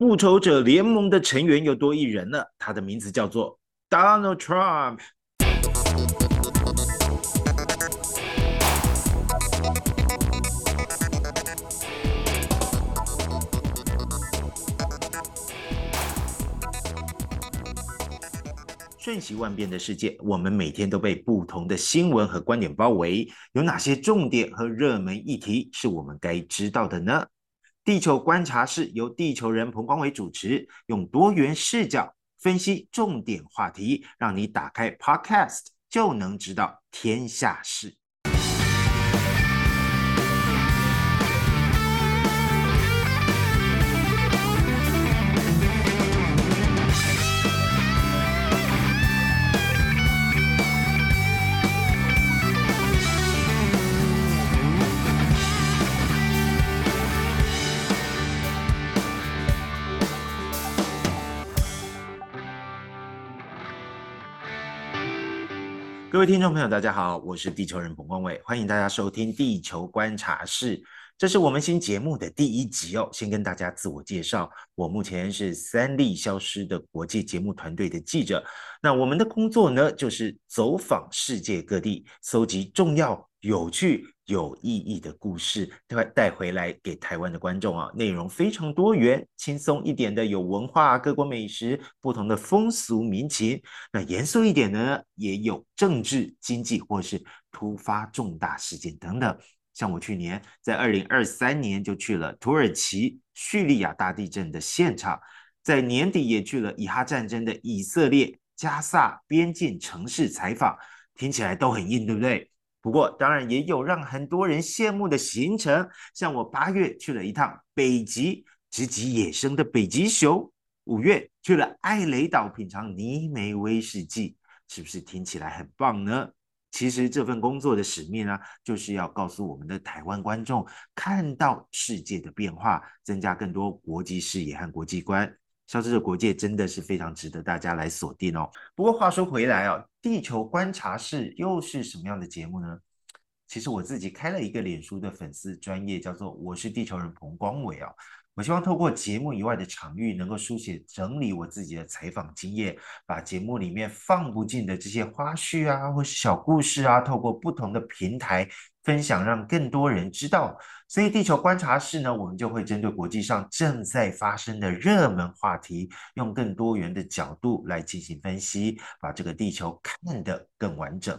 復仇者聯盟的成員有多一人呢，他的名字叫做 Donald Trump。瞬息萬變的世界，我們每天都被不同的新聞和觀點包圍。有哪些重點和熱門議題是我們該知道的呢？地球觀察室由地球人彭光偉主持，用多元視角分析重點話題，讓你打開 Podcast 就能知道天下事。各位聽眾朋友，大家好，我是地球人彭光偉，歡迎大家收聽《地球觀察室》，這是我們新節目的第一集哦。先跟大家自我介紹，我目前是三立消失的國際節目團隊的記者。那我們的工作呢，就是走訪世界各地，蒐集重要、有趣、有意義的故事對，帶回來給台灣的觀眾啊，內容非常多元，輕鬆一點的有文化、各國美食、不同的風俗民情；那嚴肅一點的呢，也有政治、經濟或是突發重大事件等等。像我去年在二零二三年就去了土耳其敘利亞大地震的現場，在年底也去了以哈戰爭的以色列加薩邊境城市採訪，聽起來都很硬，對不對？不過，當然也有讓很多人羨慕的行程，像我八月去了一趟北極，直擊野生的北極熊；五月去了艾雷島品嘗泥煤威士忌，是不是聽起來很棒呢？其實這份工作的使命呢、啊，就是要告訴我們的台灣觀眾，看到世界的變化，增加更多國際視野和國際觀。消失的國界真的是非常值得大家來鎖定哦。不過話說回來哦、啊，地球觀察室又是什麼樣的節目呢？其實我自己開了一個臉書的粉絲專頁，叫做“我是地球人彭光偉”啊。我希望透過節目以外的場域，能夠書寫、整理我自己的採訪經驗，把節目裡面放不進的這些花絮啊，或是小故事啊，透過不同的平台分享，讓更多人知道。所以，地球觀察室呢，我們就會針對國際上正在發生的熱門話題，用更多元的角度來進行分析，把這個地球看得更完整。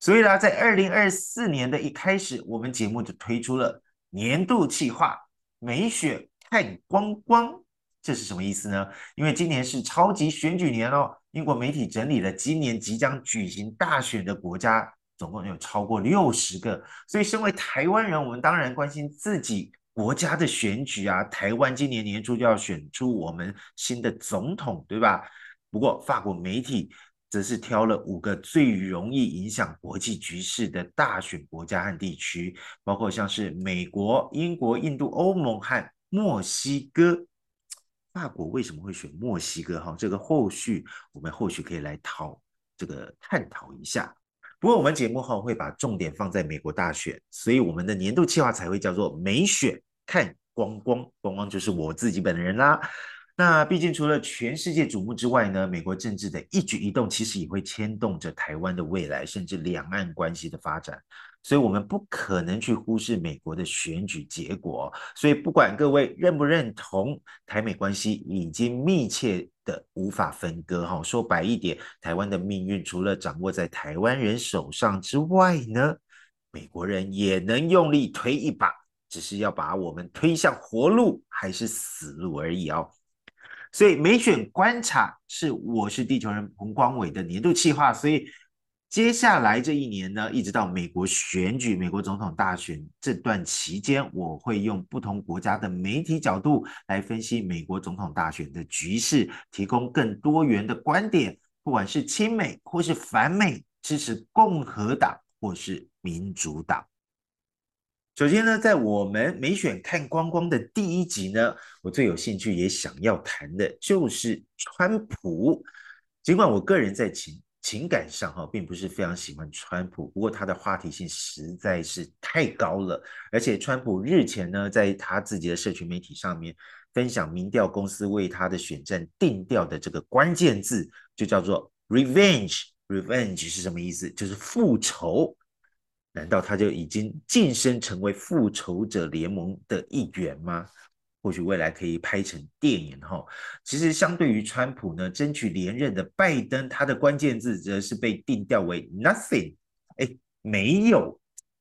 所以啦，在二零二四年的一開始，我們節目就推出了年度企劃：美選看光光。這是什麼意思呢？因為今年是超級選舉年哦。英國媒體整理了今年即將舉行大選的國家，總共有超過六十個。所以，身為臺灣人，我們當然關心自己國家的選舉啊。臺灣今年年初就要選出我們新的總統，對吧？不過，法國媒體，則是挑了五個最容易影響國際局勢的大選國家和地區，包括像是美國、英國、印度、歐盟和墨西哥。法國為什麼會選墨西哥？哈，這個後續我們後續可以來討這個探討一下。不過我們節目後會把重點放在美國大選，所以我們的年度計劃才會叫做“美選看光光”，光光就是我自己本人啦。那畢竟除了全世界矚目之外呢，美國政治的一舉一動其實也會牽動着台灣的未來，甚至兩岸關係的發展。所以，我們不可能去忽視美國的選舉結果。所以，不管各位認不認同，台美關係已經密切得無法分割。哈，說白一點，台灣的命運除了掌握在台灣人手上之外呢，美國人也能用力推一把，只是要把我們推向活路還是死路而已哦。所以美選觀察是我是地球人彭光偉的年度企劃，所以接下來這一年呢，一直到美國選舉、美國總統大選這段期間，我會用不同國家的媒體角度來分析美國總統大選的局勢，提供更多元的觀點，不管是親美或是反美，支持共和黨或是民主黨。首先呢，在我們美選看光光的第一集呢，我最有興趣也想要談的就是川普。儘管我個人在情情感上哈、哦，並不是非常喜歡川普，不過他的話題性實在是太高了。而且川普日前呢，在他自己的社群媒體上面分享民調公司為他的選戰定調的這個關鍵字，就叫做 “revenge”。“revenge” 是什麼意思？就是復仇。難道他就已經晉升成為復仇者聯盟的一員嗎？或許未來可以拍成電影哈、哦。其實相對於川普呢，爭取連任的拜登，他的關鍵字則是被定調為 nothing。哎，沒有，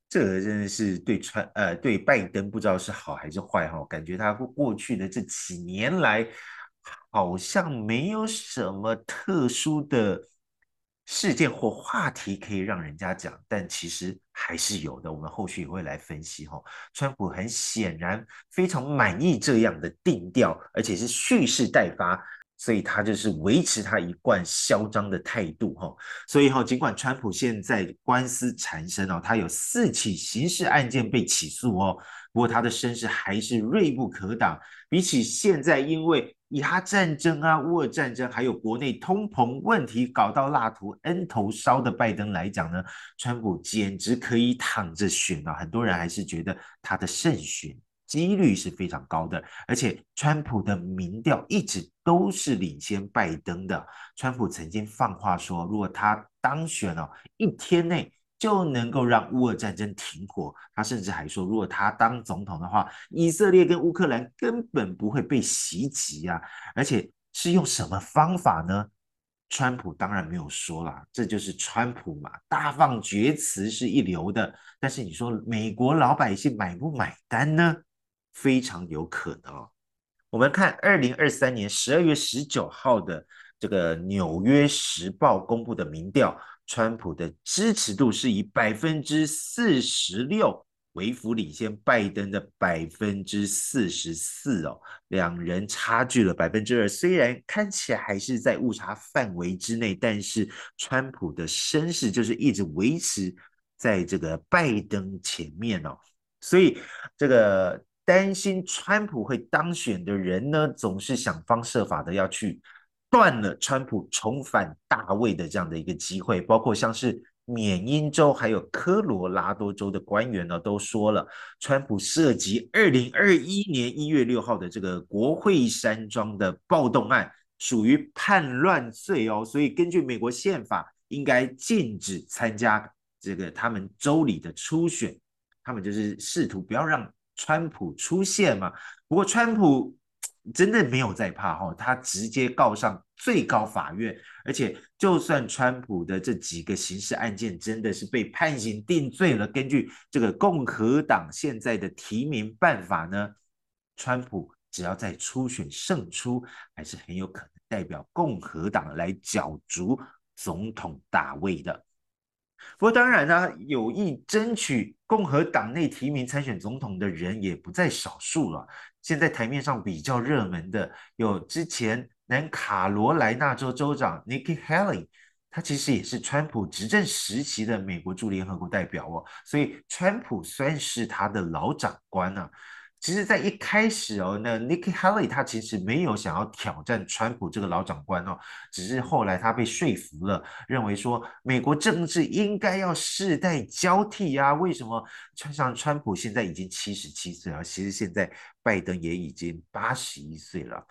這個、真的是對川呃對拜登不知道是好還是壞哈、哦。感覺他過去的這幾年來好像沒有什麼特殊的。事件或話題可以讓人家講，但其實還是有的。我們後續也會來分析哈。川普很顯然非常滿意這樣的定調，而且是蓄勢待發，所以他就是維持他一貫囂張的態度哈。所以哈，儘管川普現在官司纏身哦，他有四起刑事案件被起訴哦。不過他的聲勢還是銳不可擋，比起現在因為以哈戰爭啊、烏俄戰爭，還有國內通膨問題搞到蠟燭 N 頭燒的拜登來講呢，川普簡直可以躺着選啊！很多人還是覺得他的勝選幾率是非常高的，而且川普的民調一直都是領先拜登的。川普曾經放話說，如果他當選哦、啊，一天內。就能夠讓烏俄戰爭停火。他甚至還說，如果他當總統的話，以色列跟烏克蘭根本不會被襲擊啊！而且是用什麼方法呢？川普當然沒有說啦，這就是川普嘛，大放厥詞是一流的。但是你說美國老百姓買不買單呢？非常有可能。我們看二零二三年十二月十九號的這個《紐約時報》公布的民調，川普的支持度是以百分之四十六微幅領先拜登的百分之四十四哦，兩人差距了百分之二。雖然看起來還是在誤差範圍之內，但是川普的聲勢就是一直維持在這個拜登前面哦，所以這個。擔心川普會當選的人呢，總是想方設法的要去斷了川普重返大位的這樣的一個機會。包括像是緬因州還有科羅拉多州的官員呢，都說了，川普涉及二零二一年一月六號的這個國會山莊的暴動案，屬於叛亂罪哦。所以根據美國憲法，應該禁止參加這個他們州裡的初選。他們就是試圖不要讓。川普出現嘛？不過川普真的沒有在怕哈、哦，他直接告上最高法院，而且就算川普的這幾個刑事案件真的是被判刑定罪了，根據這個共和黨現在的提名辦法呢，川普只要在初選勝出，還是很有可能代表共和黨來角逐總統大位的。不過當然呢、啊，有意爭取共和黨內提名參選總統的人也不在少數了。現在台面上比較熱門的有之前南卡羅來納州州長 Nikki Haley，他其實也是川普執政時期的美國駐聯合國代表哦，所以川普算是他的老長官呢、啊。其實，在一開始哦，那 Nikki Haley 他其實沒有想要挑戰川普這個老長官哦，只是後來他被說服了，認為說美國政治應該要世代交替啊。為什麼？像川普現在已經七十七歲了，其實現在拜登也已經八十一歲了。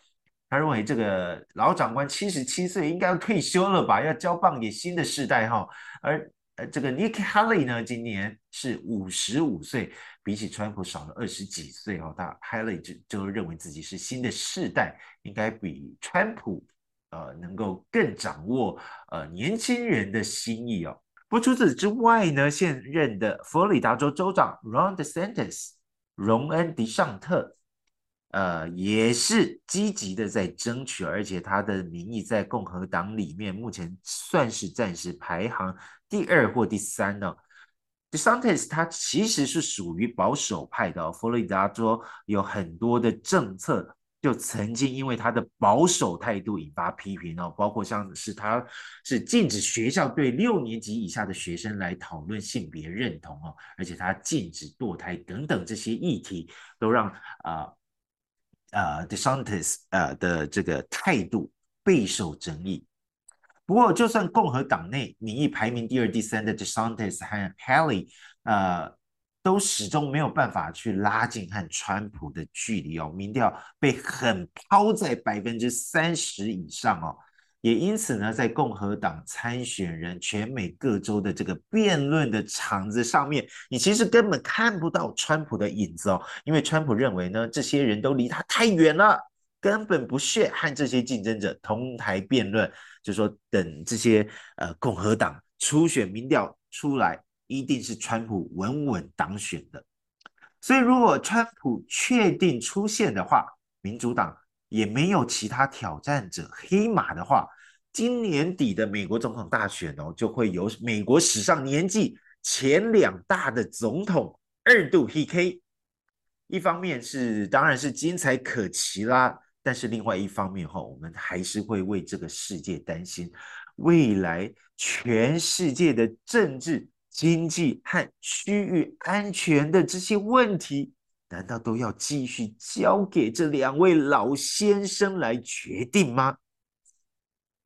他認為這個老長官七十七歲應該要退休了吧，要交棒給新的世代哈、哦。而呃，這個 Nikki Haley 呢，今年是五十五歲，比起川普少了二十幾歲哦。他 Haley 就就認為自己是新的世代，應該比川普呃能夠更掌握呃年輕人的心意哦。不過除此之外呢，現任的佛羅里達州州長 Ron DeSantis 榮恩·迪尚特。呃，也是積極的在爭取，而且他的民意在共和黨裡面目前算是暫時排行第二或第三呢、哦。DeSantis 他其實是屬於保守派的、哦哦，佛羅里達州有很多的政策，就曾經因為他的保守態度引發批評哦，包括像是他是禁止學校對六年級以下的學生來討論性別認同哦，而且他禁止墮胎等等這些議題，都讓啊。呃呃、uh,，DeSantis 呃、uh, 的 de 這個態度備受爭議。不過，就算共和黨內民意排名第二、第三的 DeSantis 和 Haley，呃、uh，都始終沒有辦法去拉近和川普的距離哦，民調被狠拋在百分之三十以上哦。也因此呢，在共和黨參選人全美各州的這個辯論的場子上面，你其實根本看不到川普的影子哦，因為川普認為呢，這些人都離他太遠了，根本不屑和這些競爭者同台辯論。就說等這些呃共和黨初選民調出來，一定是川普穩穩當選的。所以，如果川普確定出線的話，民主黨也沒有其他挑戰者黑馬的話。今年底的美國總統大選哦，就會由美國史上年紀前兩大的總統二度 PK。一方面是當然是精彩可期啦，但是另外一方面哈、哦，我們還是會為這個世界擔心，未來全世界的政治、經濟和區域安全的這些問題，難道都要繼續交給這兩位老先生來決定嗎？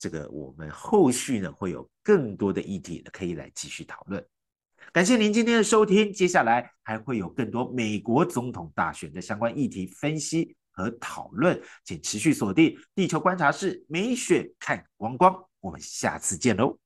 這個我們後續呢，會有更多的議題可以來繼續討論，感謝您今天的收聽，接下來還會有更多美國總統大選的相關議題分析和討論，請持續鎖定地球觀察室，美選看光光，我們下次見嘍。